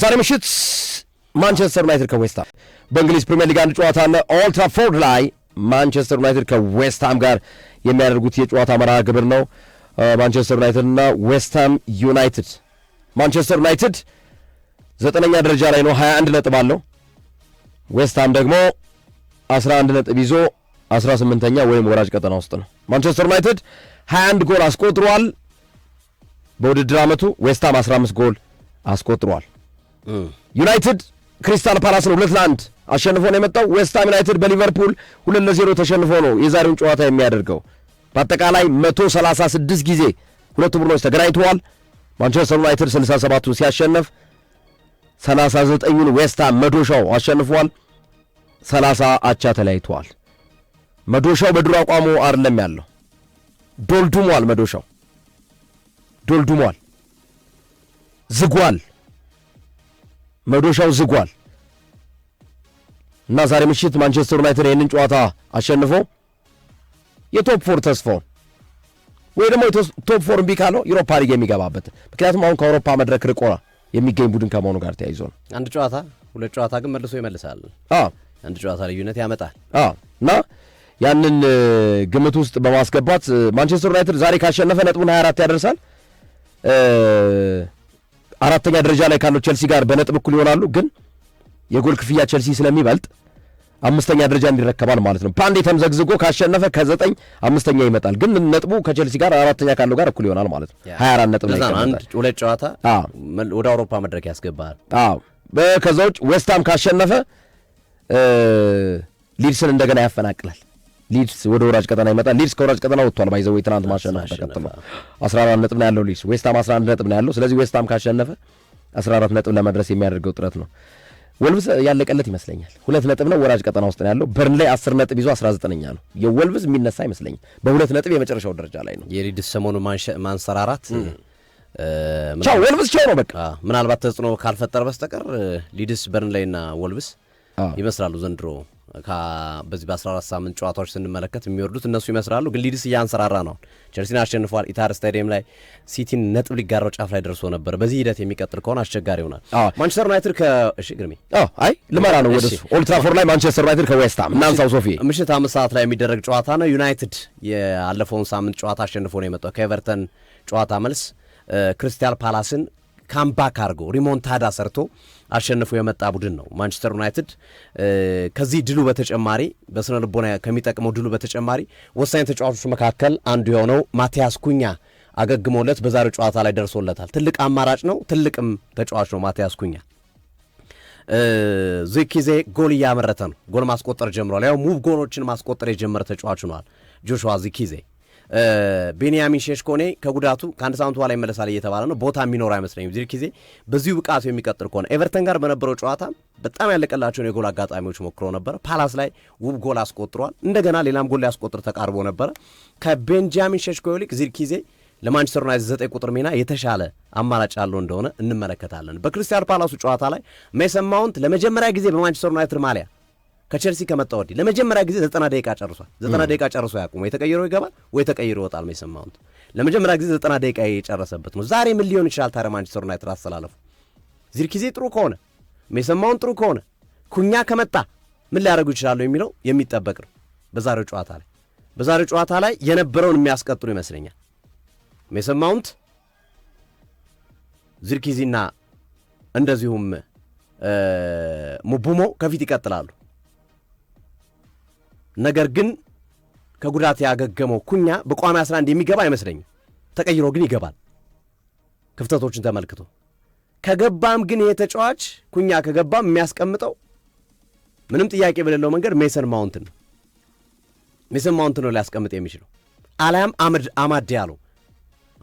ዛሬ ምሽት ማንቸስተር ዩናይትድ ከዌስትሃም በእንግሊዝ ፕሪምየር ሊግ አንድ ጨዋታና ኦልድ ላይ ማንቸስተር ዩናይትድ ከዌስትሃም ጋር የሚያደርጉት የጨዋታ መርሃ ግብር ነው። ማንቸስተር ዩናይትድና ዌስትሃም ዩናይትድ። ማንቸስተር ዩናይትድ ዘጠነኛ ደረጃ ላይ ነው፣ 21 ነጥብ አለው። ዌስትሃም ደግሞ 11 ነጥብ ይዞ 18ኛ ወይም ወራጅ ቀጠና ውስጥ ነው። ማንቸስተር ዩናይትድ 21 ጎል አስቆጥሯል በውድድር ዓመቱ። ዌስትሃም 15 ጎል አስቆጥሯል። ዩናይትድ ክሪስታል ፓላስን ሁለት ለአንድ አሸንፎ ነው የመጣው። ዌስትሃም ዩናይትድ በሊቨርፑል ሁለት ለዜሮ ተሸንፎ ነው የዛሬውን ጨዋታ የሚያደርገው። በአጠቃላይ መቶ ሰላሳ ስድስት ጊዜ ሁለቱ ቡድኖች ተገናኝተዋል። ማንቸስተር ዩናይትድ 67ቱን ሲያሸንፍ 39ን ዌስትሃም መዶሻው አሸንፏል። 30 አቻ ተለያይተዋል። መዶሻው በድሮ አቋሙ አይደለም ያለው፣ ዶልዱሟል። መዶሻው ዶልዱሟል፣ ዝጓል። መዶሻው ዝጓል እና ዛሬ ምሽት ማንቸስተር ዩናይትድ ይህንን ጨዋታ አሸንፎ የቶፕ ፎር ተስፋውን ወይ ደግሞ ቶፕ ፎር እምቢ ካለው ዩሮፓ ሊግ የሚገባበት ምክንያቱም አሁን ከአውሮፓ መድረክ ርቆ የሚገኝ ቡድን ከመሆኑ ጋር ተያይዞ ነው። አንድ ጨዋታ ሁለት ጨዋታ ግን መልሶ ይመልሳል። አንድ ጨዋታ ልዩነት ያመጣል እና ያንን ግምት ውስጥ በማስገባት ማንቸስተር ዩናይትድ ዛሬ ካሸነፈ ነጥቡን 24 ያደርሳል። አራተኛ ደረጃ ላይ ካለው ቸልሲ ጋር በነጥብ እኩል ይሆናሉ፣ ግን የጎል ክፍያ ቸልሲ ስለሚበልጥ አምስተኛ ደረጃን ይረከባል ማለት ነው። በአንዴ ተምዘግዝጎ ካሸነፈ ከዘጠኝ አምስተኛ ይመጣል፣ ግን ነጥቡ ከቸልሲ ጋር አራተኛ ካለው ጋር እኩል ይሆናል ማለት ነው። ሀያ አራት ነጥብ ሁለት ጨዋታ ወደ አውሮፓ መድረክ ያስገባል። ከዛ ውጭ ዌስትሃም ካሸነፈ ሊድስን እንደገና ያፈናቅላል። ሊድስ ወደ ወራጅ ቀጠና ይመጣል። ሊድስ ከወራጅ ቀጠና ወጥቷል። ባይዘው ትናንት ማሸነፍ ተከትሎ 14 ነጥብ ነው ያለው ሊድስ። ዌስትሃም 11 ነጥብ ነው ያለው። ስለዚህ ዌስትሃም ካሸነፈ 14 ነጥብ ለመድረስ የሚያደርገው ጥረት ነው። ወልቭስ ያለቀለት ይመስለኛል። ሁለት ነጥብ ነው ወራጅ ቀጠና ውስጥ ነው ያለው። በርንሌይ 10 ነጥብ ይዞ 19ኛ ነው። የወልቭስ የሚነሳ አይመስለኝም። በሁለት ነጥብ የመጨረሻው ደረጃ ላይ ነው። የሊድስ ሰሞኑ ማንሰራራት ቻው ወልቭስ ቻው ነው በቃ። ምናልባት ተጽዕኖ ካልፈጠረ በስተቀር ሊድስ በርንሌይና ወልቭስ ይመስላሉ ዘንድሮ በዚህ በ14 ሳምንት ጨዋታዎች ስንመለከት የሚወርዱት እነሱ ይመስላሉ። ግን ሊድስ እያንሰራራ ነው። ቸልሲን አሸንፏል። ኢታር ስታዲየም ላይ ሲቲን ነጥብ ሊጋራው ጫፍ ላይ ደርሶ ነበር። በዚህ ሂደት የሚቀጥል ከሆነ አስቸጋሪ ይሆናል። ማንቸስተር ዩናይትድ ከእሺ ግርሜ አይ ልመራ ነው ወደሱ እሱ ላይ ማንቸስተር ዩናይትድ ከዌስትሃም እናንሳው ሶፊ ምሽት አምስት ሰዓት ላይ የሚደረግ ጨዋታ ነው። ዩናይትድ የአለፈውን ሳምንት ጨዋታ አሸንፎ ነው የመጣው ከኤቨርተን ጨዋታ መልስ ክሪስታል ፓላስን ካምባክ አድርጎ ሪሞንታዳ ሰርቶ አሸንፎ የመጣ ቡድን ነው ማንቸስተር ዩናይትድ። ከዚህ ድሉ በተጨማሪ በስነ ልቦና ከሚጠቅመው ድሉ በተጨማሪ ወሳኝ ተጫዋቾች መካከል አንዱ የሆነው ማቲያስ ኩኛ አገግሞለት በዛሬው ጨዋታ ላይ ደርሶለታል። ትልቅ አማራጭ ነው፣ ትልቅም ተጫዋች ነው ማቲያስ ኩኛ። ዚህ ጊዜ ጎል እያመረተ ነው፣ ጎል ማስቆጠር ጀምሯል። ያው ሙቭ ጎሎችን ማስቆጠር የጀመረ ተጫዋች ሆኗል ጆሹዋ ዚህ ጊዜ ቤንያሚን ሼሽኮኔ ከጉዳቱ ከአንድ ሳምንት በኋላ ይመለሳል እየተባለ ነው። ቦታ የሚኖር አይመስለኝም ዚህ ጊዜ በዚሁ ብቃቱ የሚቀጥል ከሆነ ኤቨርተን ጋር በነበረው ጨዋታ በጣም ያለቀላቸውን የጎል አጋጣሚዎች ሞክሮ ነበረ። ፓላስ ላይ ውብ ጎል አስቆጥሯል። እንደገና ሌላም ጎል ሊያስቆጥር ተቃርቦ ነበረ። ከቤንጃሚን ሼሽኮ ይልቅ ጊዜ ለማንቸስተር ዩናይትድ ዘጠኝ ቁጥር ሚና የተሻለ አማራጭ ያለው እንደሆነ እንመለከታለን። በክሪስታል ፓላሱ ጨዋታ ላይ ሜሰን ማውንት ለመጀመሪያ ጊዜ በማንቸስተር ዩናይትድ ማሊያ ከቸልሲ ከመጣ ወዲህ ለመጀመሪያ ጊዜ ዘጠና ደቂቃ ጨርሷል። ዘጠና ደቂቃ ጨርሶ ያቁም ወይ ተቀይሮ ይገባል ወይ ተቀይሮ ይወጣል። ነው ማውንት ለመጀመሪያ ጊዜ ዘጠና ደቂቃ የጨረሰበት ነው። ዛሬ ምን ሊሆን ይችላል ታዲያ? ማንቸስተር ዩናይትድ አስተላለፉ ዚርኪዜ ጥሩ ከሆነ የሰማውን ጥሩ ከሆነ ኩኛ ከመጣ ምን ሊያደርጉ ይችላሉ የሚለው የሚጠበቅ ነው። በዛሬው ጨዋታ ላይ በዛሬው ጨዋታ ላይ የነበረውን የሚያስቀጥሉ ይመስለኛል። ሜሰን ማውንት ዚርኪዚና እንደዚሁም ሙቡሞ ከፊት ይቀጥላሉ። ነገር ግን ከጉዳት ያገገመው ኩኛ በቋሚ 11 የሚገባ አይመስለኝም። ተቀይሮ ግን ይገባል። ክፍተቶችን ተመልክቶ ከገባም ግን ይሄ ተጫዋች ኩኛ ከገባም የሚያስቀምጠው ምንም ጥያቄ በሌለው መንገድ ሜሰን ማውንትን ነው። ሜሰን ማውንትን ነው ሊያስቀምጥ የሚችለው አሊያም አማድ ዲያሎ።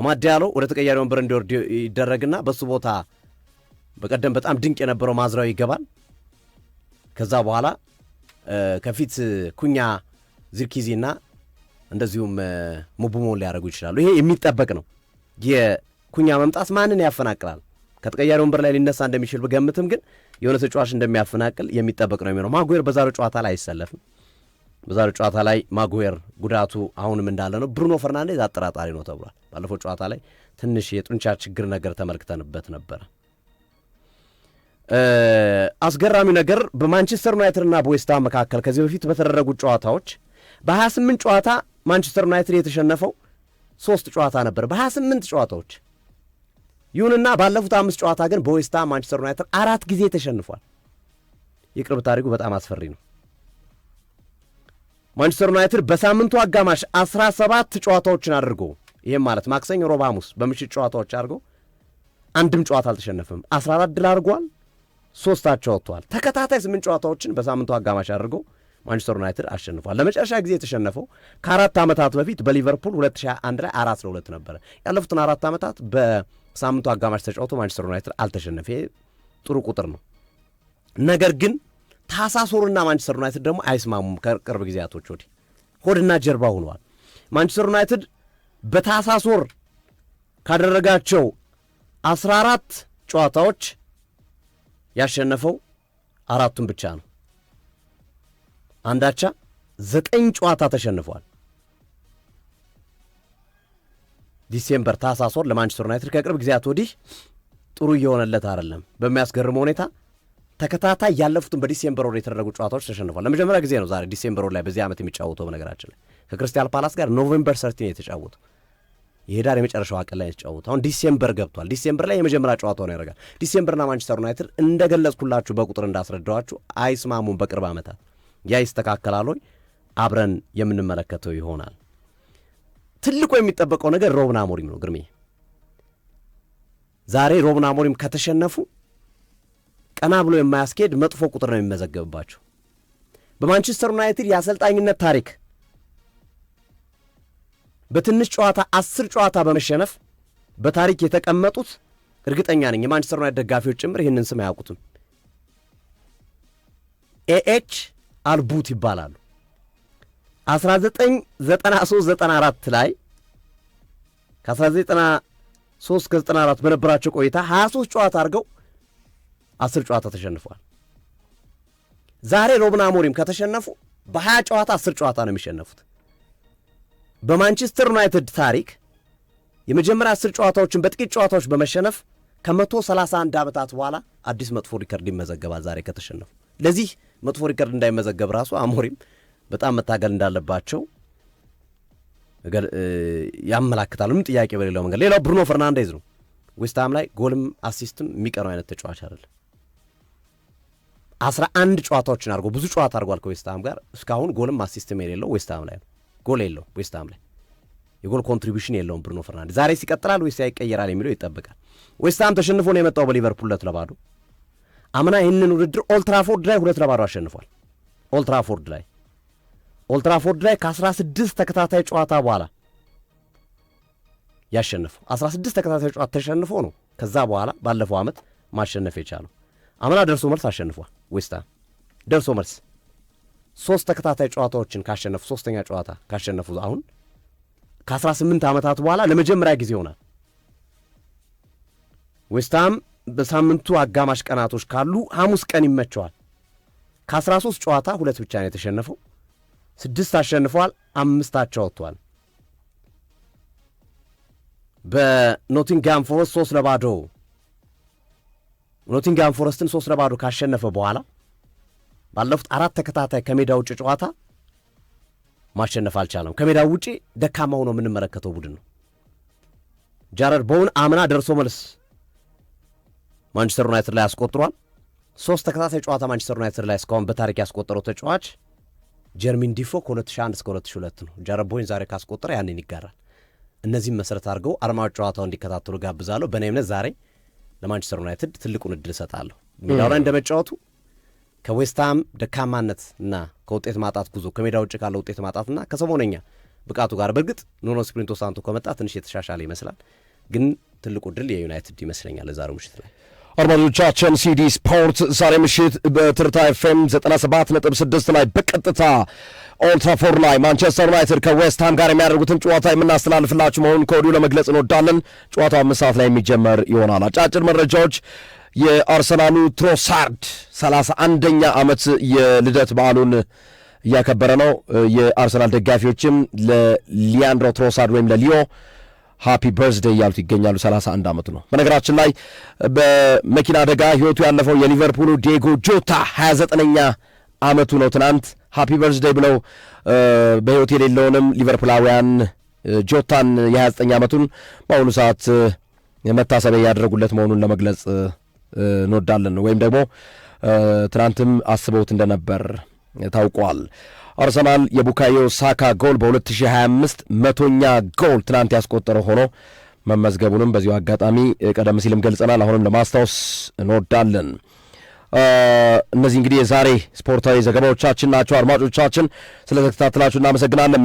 አማድ ዲያሎ ወደ ተቀያሪ ወንበር እንዲወርድ ይደረግና በሱ ቦታ በቀደም በጣም ድንቅ የነበረው ማዝራዊ ይገባል። ከዛ በኋላ ከፊት ኩኛ ዝርኪዜና እንደዚሁም ሙቡሞን ሊያደርጉ ይችላሉ። ይሄ የሚጠበቅ ነው። የኩኛ መምጣት ማንን ያፈናቅላል? ከተቀያሪ ወንበር ላይ ሊነሳ እንደሚችል ብገምትም ግን የሆነ ተጫዋች እንደሚያፈናቅል የሚጠበቅ ነው የሚሆነው። ማጉዌር በዛሬው ጨዋታ ላይ አይሰለፍም። በዛሬው ጨዋታ ላይ ማጉዌር ጉዳቱ አሁንም እንዳለ ነው። ብሩኖ ፈርናንዴዝ አጠራጣሪ ነው ተብሏል። ባለፈው ጨዋታ ላይ ትንሽ የጡንቻ ችግር ነገር ተመልክተንበት ነበረ። አስገራሚ ነገር በማንቸስተር ዩናይትድና በዌስታ መካከል ከዚህ በፊት በተደረጉት ጨዋታዎች በ28 ጨዋታ ማንቸስተር ዩናይትድ የተሸነፈው ሶስት ጨዋታ ነበር፣ በ28 ጨዋታዎች። ይሁንና ባለፉት አምስት ጨዋታ ግን በዌስታ ማንቸስተር ዩናይትድ አራት ጊዜ ተሸንፏል። የቅርብ ታሪኩ በጣም አስፈሪ ነው። ማንቸስተር ዩናይትድ በሳምንቱ አጋማሽ 17 ጨዋታዎችን አድርጎ ይህም ማለት ማክሰኞ፣ ሮብ፣ ሐሙስ በምሽት ጨዋታዎች አድርጎ አንድም ጨዋታ አልተሸነፈም። 14 ድል አድርጓል። ሶስታቸው ወጥተዋል። ተከታታይ ስምንት ጨዋታዎችን በሳምንቱ አጋማሽ አድርገው ማንቸስተር ዩናይትድ አሸንፏል። ለመጨረሻ ጊዜ የተሸነፈው ከአራት ዓመታት በፊት በሊቨርፑል 2021 ላይ አራት ለሁለት ነበረ። ያለፉትን አራት ዓመታት በሳምንቱ አጋማሽ ተጫውቶ ማንቸስተር ዩናይትድ አልተሸነፈ። ጥሩ ቁጥር ነው። ነገር ግን ታሳሶርና ማንቸስተር ዩናይትድ ደግሞ አይስማሙም። ከቅርብ ጊዜያቶች ወዲህ ሆድና ጀርባ ሆነዋል። ማንቸስተር ዩናይትድ በታሳሶር ካደረጋቸው 14 ጨዋታዎች ያሸነፈው አራቱን ብቻ ነው። አንዳቻ ዘጠኝ ጨዋታ ተሸንፏል። ዲሴምበር ታህሳስ ወር ለማንቸስተር ዩናይትድ ከቅርብ ጊዜያት ወዲህ ጥሩ እየሆነለት አይደለም። በሚያስገርም ሁኔታ ተከታታይ ያለፉትን በዲሴምበር ወር የተደረጉ ጨዋታዎች ተሸንፏል። ለመጀመሪያ ጊዜ ነው ዛሬ ዲሴምበር ወር ላይ በዚህ ዓመት የሚጫወተው። በነገራችን ላይ ከክርስቲያል ፓላስ ጋር ኖቬምበር ሰርቲን የተጫወተው የህዳር የመጨረሻው አቀል ላይ የተጫወቱ አሁን ዲሴምበር ገብቷል። ዲሴምበር ላይ የመጀመሪያ ጨዋታውን ያደርጋል። ዲሴምበርና ማንቸስተር ዩናይትድ እንደገለጽኩላችሁ በቁጥር እንዳስረዳኋችሁ አይስማሙም። በቅርብ ዓመታት ያ ይስተካከላሉኝ አብረን የምንመለከተው ይሆናል። ትልቁ የሚጠበቀው ነገር ሮብን አሞሪም ነው። ግርሜ ዛሬ ሮብን አሞሪም ከተሸነፉ ቀና ብሎ የማያስኬድ መጥፎ ቁጥር ነው የሚመዘገብባቸው በማንቸስተር ዩናይትድ የአሰልጣኝነት ታሪክ በትንሽ ጨዋታ አስር ጨዋታ በመሸነፍ በታሪክ የተቀመጡት እርግጠኛ ነኝ የማንቸስተር ዩናይትድ ደጋፊዎች ጭምር ይህንን ስም አያውቁትም። ኤኤች አልቡት ይባላሉ። 1993/94 ላይ ከ1993/94 በነበራቸው ቆይታ 23 ጨዋታ አድርገው 10 ጨዋታ ተሸንፈዋል። ዛሬ ሮብን አሞሪም ከተሸነፉ በ20 ጨዋታ 10 ጨዋታ ነው የሚሸነፉት። በማንቸስተር ዩናይትድ ታሪክ የመጀመሪያ አስር ጨዋታዎችን በጥቂት ጨዋታዎች በመሸነፍ ከ131 ዓመታት በኋላ አዲስ መጥፎ ሪከርድ ይመዘገባል። ዛሬ ከተሸነፉ ለዚህ መጥፎ ሪከርድ እንዳይመዘገብ ራሱ አሞሪም በጣም መታገል እንዳለባቸው ያመላክታል። ምንም ጥያቄ በሌለው መንገድ ሌላው ብሩኖ ፈርናንዴዝ ነው። ዌስትሃም ላይ ጎልም አሲስትም የሚቀረው አይነት ተጫዋች አይደለም። አስራ አንድ ጨዋታዎችን አድርጎ ብዙ ጨዋታ አድርጓል ከዌስትሃም ጋር እስካሁን ጎልም አሲስትም የሌለው ዌስትሃም ላይ ነው። ጎል የለውም ዌስትሃም ላይ የጎል ኮንትሪቢሽን የለውም ብሩኖ ፈርናንዴዝ። ዛሬ ሲቀጥላል ወይስ ያይቀየራል የሚለው ይጠበቃል። ዌስትሃም ተሸንፎ ነው የመጣው በሊቨርፑል ሁለት ለባዶ። አምና ይህንን ውድድር ኦልትራፎርድ ላይ ሁለት ለባዶ አሸንፏል። ኦልትራፎርድ ላይ ኦልትራፎርድ ላይ ከአስራ ስድስት ተከታታይ ጨዋታ በኋላ ያሸነፈው ስድስት ተከታታይ ጨዋታ ተሸንፎ ነው። ከዛ በኋላ ባለፈው ዓመት ማሸነፍ የቻለው አምና ደርሶ መልስ አሸንፏል ዌስትሃም ደርሶ መልስ ሶስት ተከታታይ ጨዋታዎችን ካሸነፉ ሶስተኛ ጨዋታ ካሸነፉ አሁን ከ18 ዓመታት በኋላ ለመጀመሪያ ጊዜ ይሆናል። ዌስትሃም በሳምንቱ አጋማሽ ቀናቶች ካሉ ሐሙስ ቀን ይመቸዋል። ከ13 ጨዋታ ሁለት ብቻ ነው የተሸነፈው። ስድስት አሸንፏል፣ አምስት አቻ በኖቲንግሃም ፎረስት ሶስት ለባዶ ኖቲንግሃም ፎረስትን ሶስት ለባዶ ካሸነፈ በኋላ ባለፉት አራት ተከታታይ ከሜዳ ውጭ ጨዋታ ማሸነፍ አልቻለም። ከሜዳ ውጪ ደካማ ሆኖ የምንመለከተው ቡድን ነው። ጃረድ ቦውን አምና ደርሶ መልስ ማንቸስተር ዩናይትድ ላይ አስቆጥሯል። ሶስት ተከታታይ ጨዋታ ማንቸስተር ዩናይትድ ላይ እስካሁን በታሪክ ያስቆጠረው ተጫዋች ጀርሚን ዲፎ ከ2001 እስከ 2002 ነው። ጃረድ ቦይን ዛሬ ካስቆጠረ ያንን ይጋራል። እነዚህም መሰረት አድርገው አርማ ጨዋታው እንዲከታተሉ ጋብዛለሁ። በእኔ እምነት ዛሬ ለማንቸስተር ዩናይትድ ትልቁን እድል እሰጣለሁ። ሜዳው ላይ እንደመጫወቱ ከዌስትሃም ደካማነት እና ከውጤት ማጣት ጉዞ ከሜዳ ውጭ ካለ ውጤት ማጣትና ከሰሞነኛ ብቃቱ ጋር በእርግጥ ኑኖ ስፕሪንቶ ሳንቶ ከመጣ ትንሽ የተሻሻለ ይመስላል፣ ግን ትልቁ ድል የዩናይትድ ይመስለኛል ለዛሬው ምሽት ላይ። አድማጮቻችን ሲዲ ስፖርት ዛሬ ምሽት በትርታ ኤፍኤም 6 ላይ በቀጥታ ኦልትራፎርድ ላይ ማንቸስተር ዩናይትድ ከዌስትሃም ጋር የሚያደርጉትን ጨዋታ የምናስተላልፍላችሁ መሆኑን ከወዲሁ ለመግለጽ እንወዳለን። ጨዋታው አምስት ሰዓት ላይ የሚጀመር ይሆናል። አጫጭር መረጃዎች የአርሰናሉ ትሮሳርድ ሰላሳ አንደኛ ዓመት የልደት በዓሉን እያከበረ ነው። የአርሰናል ደጋፊዎችም ለሊያንድሮ ትሮሳርድ ወይም ለሊዮ ሃፒ በርዝደይ እያሉት ይገኛሉ። 31 ዓመቱ ነው። በነገራችን ላይ በመኪና አደጋ ህይወቱ ያለፈው የሊቨርፑሉ ዴጎ ጆታ 29ኛ ዓመቱ ነው። ትናንት ሃፒ በርዝደይ ብለው በህይወት የሌለውንም ሊቨርፑላውያን ጆታን የ29 ዓመቱን በአሁኑ ሰዓት መታሰቢያ እያደረጉለት መሆኑን ለመግለጽ እንወዳለን ወይም ደግሞ ትናንትም አስበውት እንደነበር ታውቋል። አርሰናል የቡካዮ ሳካ ጎል በ2025 መቶኛ ጎል ትናንት ያስቆጠረ ሆኖ መመዝገቡንም በዚሁ አጋጣሚ ቀደም ሲልም ገልጸናል። አሁንም ለማስታወስ እንወዳለን። እነዚህ እንግዲህ የዛሬ ስፖርታዊ ዘገባዎቻችን ናቸው። አድማጮቻችን ስለተከታተላችሁ እናመሰግናለን።